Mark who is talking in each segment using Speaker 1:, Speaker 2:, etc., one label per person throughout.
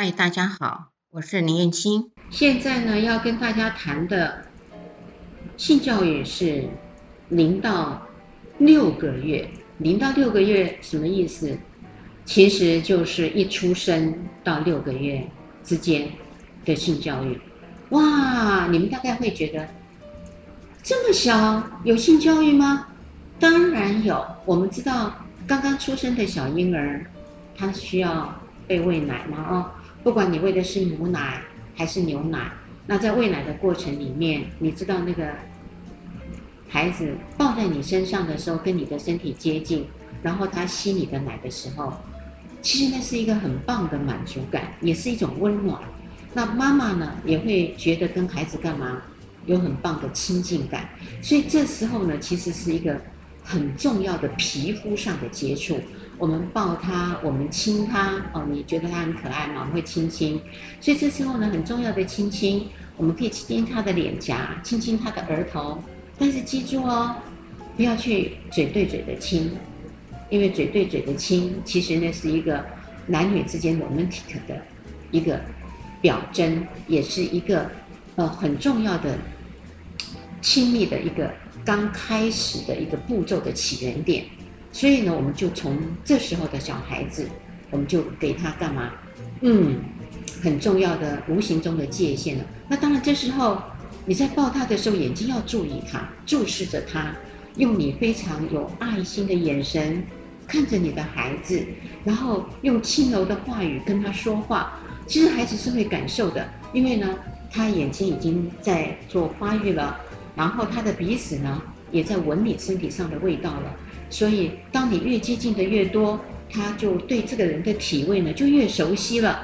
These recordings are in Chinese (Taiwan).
Speaker 1: 嗨，大家好，我是林燕青。現在呢，要跟大家談的性教育是零到六個月。零到六個月什麼意思？其實就是一出生到六個月之間的性教育。哇，你們大概會覺得這麼小有性教育嗎？當然有。我們知道，剛剛出生的小嬰兒他需要被餵奶嗎？哦。不管你餵的是母奶還是牛奶，那在餵奶的過程裡面，你知道那個孩子抱在你身上的時候，跟你的身體接近，然後他吸你的奶的時候，其實那是一個很棒的滿足感，也是一種溫暖。那媽媽呢也會覺得跟孩子幹嘛有很棒的親近感，所以這時候呢，其實是一個很重要的皮膚上的接觸。我們抱他，我們親他哦。你覺得他很可愛嗎？我們會親親。所以這時候呢，很重要的親親，我們可以親親他的臉頰，親親他的額頭。但是記住哦，不要去嘴對嘴的親，因為嘴對嘴的親，其實呢是一個男女之間 r o m 的一個表徵，也是一個呃很重要的親密的一個剛開始的一個步驟的起源點。所以呢，我們就從這時候的小孩子，我們就給他幹嘛？嗯，很重要的無形中的界限了。那當然，這時候你在抱他的時候，眼睛要注意他，注視着他，用你非常有愛心的眼神看着你的孩子，然後用輕柔的話語跟他說話。其實孩子是會感受的，因為呢，他眼睛已經在做發育了，然後他的鼻子呢也在聞你身體上的味道了。所以，當你越接近的越多，他就對這個人的體味呢就越熟悉了。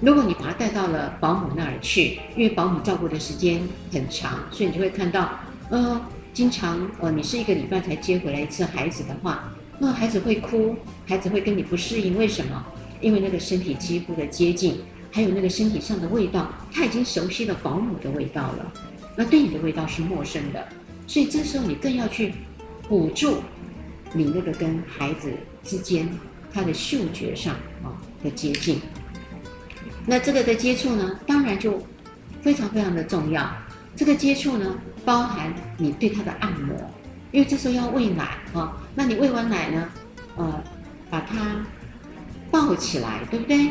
Speaker 1: 如果你把他帶到了保姆那兒去，因為保姆照顧的時間很長，所以你就會看到，呃，經常呃，你是一個禮拜才接回來一次孩子的話，那、呃、孩子會哭，孩子會跟你不適應。為什麼？因為那個身體肌膚的接近，還有那個身體上的味道，他已經熟悉了保姆的味道了，那對你的味道是陌生的。所以這時候你更要去補助。你那個跟孩子之間，他的嗅覺上啊的接近，那這個的接觸呢，當然就非常非常的重要。這個接觸呢，包含你對他的按摩，因為這時候要餵奶啊，那你餵完奶呢，呃，把他抱起來，對不對？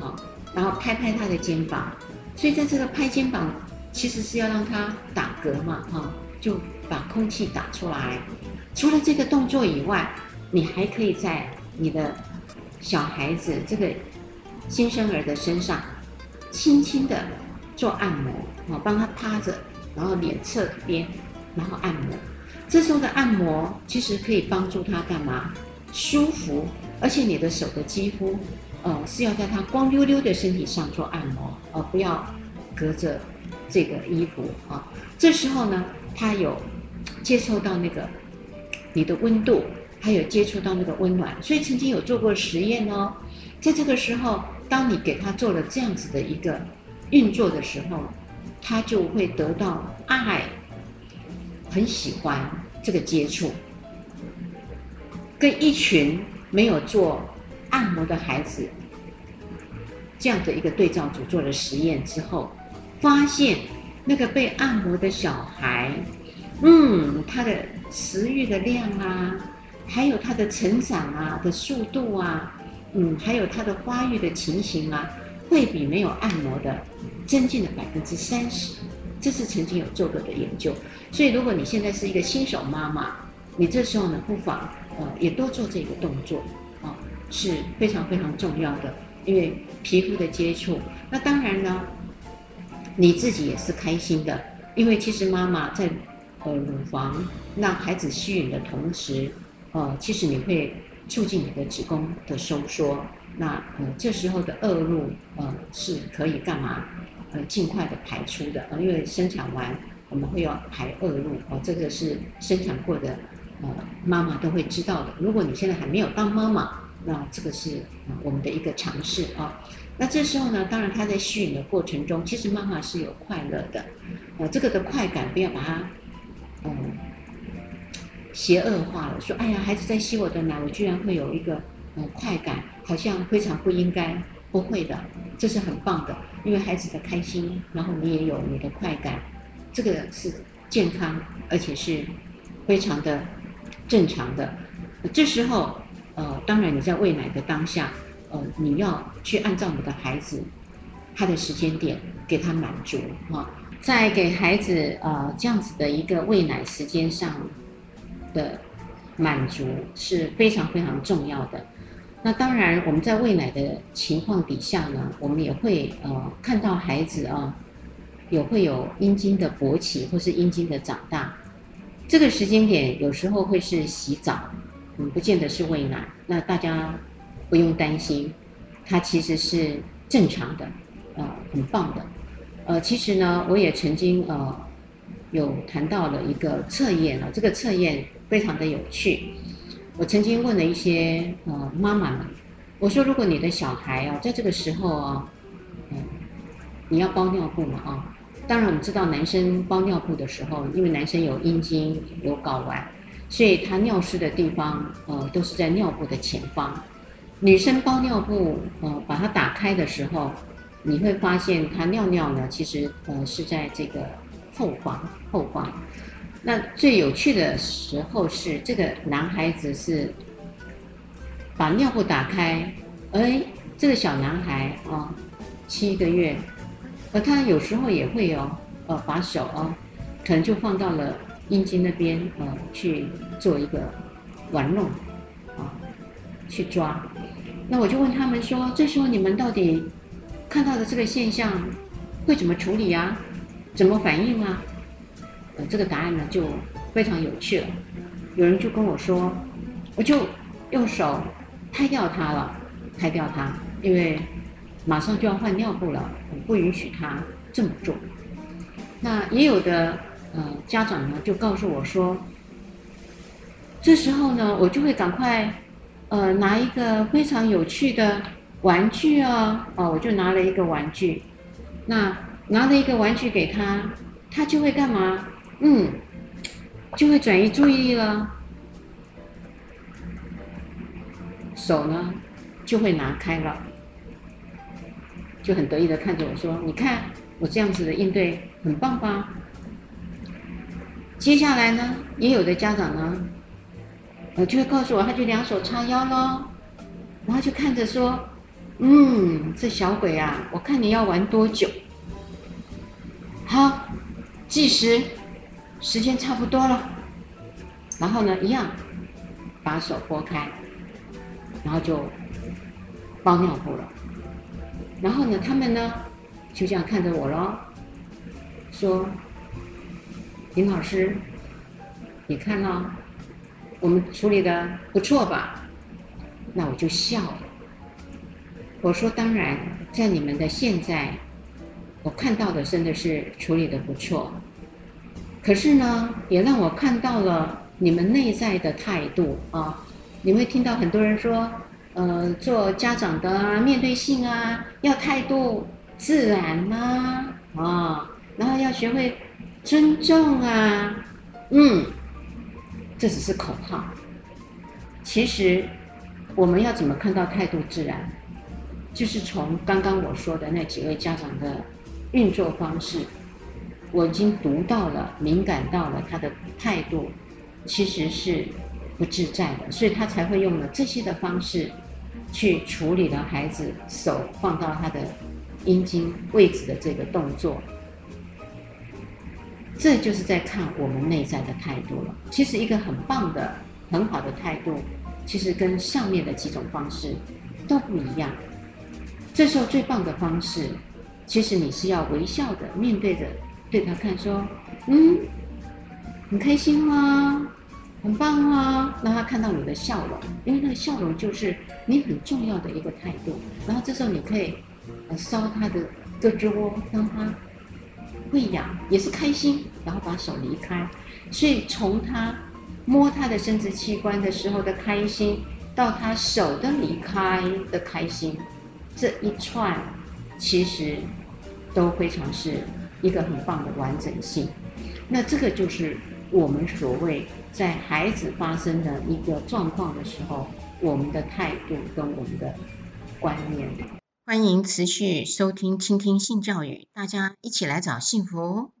Speaker 1: 啊，然後拍拍他的肩膀，所以在這個拍肩膀，其實是要讓他打嗝嘛，哈，就把空氣打出來。除了這個動作以外，你還可以在你的小孩子這個新生兒的身上輕輕的做按摩啊，幫他趴着，然後臉側邊，然後按摩。這時候的按摩其實可以幫助他幹嘛？舒服，而且你的手的肌膚，呃，是要在他光溜溜的身體上做按摩，而，呃，不要隔着這個衣服啊，呃。這時候呢，他有接受到那個。你的溫度，還有接觸到那個溫暖，所以曾經有做過實驗哦。在這個時候，當你給他做了這樣子的一個運作的時候，他就會得到愛，很喜歡這個接觸。跟一群沒有做按摩的孩子，這樣的一個對照組做了實驗之後，發現那個被按摩的小孩，嗯，他的。食慾的量啊，還有它的成長啊的速度啊，嗯，還有它的發育的情形啊，會比沒有按摩的增進了百分之三十，這是曾經有做過的研究。所以，如果你現在是一個新手媽媽，你這時候呢，不妨呃也多做這個動作啊，呃，是非常非常重要的，因為皮膚的接觸。那當然呢，你自己也是開心的，因為其實媽媽在。呃，乳房讓孩子吸吮的同時，呃，其實你會促進你的子宮的收縮。那呃，這時候的惡露呃是可以幹嘛？呃，尽快的排出的。呃，因為生產完我們會要排惡露，哦，這個是生產過的呃媽媽都會知道的。如果你現在還沒有當媽媽，那這個是、呃、我們的一個嘗試啊、哦。那這時候呢，當然他在吸吮的過程中，其實媽媽是有快樂的。呃，這個的快感不要把它。邪惡化了，說：“哎呀，孩子在吸我的奶，我居然會有一個呃快感，好像非常不應該。”不會的，這是很棒的，因為孩子的開心，然後你也有你的快感，這個是健康，而且是，非常的正常的。這時候，呃，當然你在餵奶的當下，呃，你要去按照你的孩子他的時間點給他滿足哈、哦，在給孩子呃這樣子的一個餵奶時間上。的滿足是非常非常重要的。那當然，我們在餵奶的情況底下呢，我們也會呃看到孩子啊，有會有陰莖的勃起或是陰莖的長大。這個時間點有時候會是洗澡，嗯，不見得是餵奶。那大家不用擔心，它其實是正常的，呃，很棒的。呃，其實呢，我也曾經呃有談到了一個測驗啊，這個測驗。非常的有趣，我曾經問了一些呃媽媽們，我說如果你的小孩啊，在這個時候啊，嗯，你要包尿布嘛啊，當然我們知道男生包尿布的時候，因為男生有陰莖有睾丸，所以他尿濕的地方呃都是在尿布的前方，女生包尿布呃把它打開的時候，你會發現他尿尿呢其實呃是在這個後方後方。那最有趣的時候是這個男孩子是把尿布打開，哎，這個小男孩啊、哦，七個月，而他有時候也會有、哦，呃，把手啊、哦，可能就放到了陰莖那邊，呃，去做一個玩弄，啊、哦，去抓。那我就問他們說，這時候你們到底看到的這個現象會怎麼處理呀、啊？怎麼反應啊？呃，這個答案呢就非常有趣了。有人就跟我說，我就用手拍掉它了，拍掉它，因為馬上就要換尿布了，我不允許他這麼做。那也有的呃家長呢就告訴我說，這時候呢，我就會趕快呃拿一個非常有趣的玩具啊啊，我就拿了一個玩具，那拿了一個玩具給他，他就會幹嘛？嗯，就會轉移注意力了，手呢就會拿開了，就很得意的看着我說：“你看我這樣子的應對很棒吧？”接下來呢，也有的家長呢，就會告訴我，他就兩手叉腰了，然後就看着說：“嗯，這小鬼啊，我看你要玩多久？好，計時。”時間差不多了，然後呢，一樣，把手撥開，然後就包尿布了。然後呢，他們呢，就這樣看着我嘍，說：“林老師，你看咯、哦，我們處理的不錯吧？”那我就笑了，我說：“當然，在你們的現在，我看到的真的是處理的不錯。”可是呢，也讓我看到了你們內在的態度啊、哦！你會聽到很多人說，呃，做家長的啊，面對性啊，要態度自然吶、啊，啊、哦，然後要學會尊重啊，嗯，這只是口號。其實我們要怎麼看到態度自然，就是從剛剛我說的那幾位家長的運作方式。我已經讀到了，敏感到了他的態度，其實是不自在的，所以他才會用了這些的方式去處理了孩子手放到他的陰莖位置的這個動作。這就是在看我們內在的態度了。其實一個很棒的、很好的態度，其實跟上面的幾種方式都不一樣。這時候最棒的方式，其實你是要微笑的面對着。對他看說，嗯，很開心嗎？很棒啊，讓他看到你的笑容，因為那個笑容就是你很重要的一個態度。然後這時候你可以、呃、搔他的胳肢窩，讓他會癢，也是開心。然後把手離開，所以從他摸他的生殖器官的時候的開心，到他手的離開的開心，這一串其實都非常是。一個很棒的完整性，那這個就是我們所謂在孩子發生的一個狀況的時候，我們的態度跟我們的觀念。歡迎持續收聽、卿聽性教育，大家一起來找幸福哦。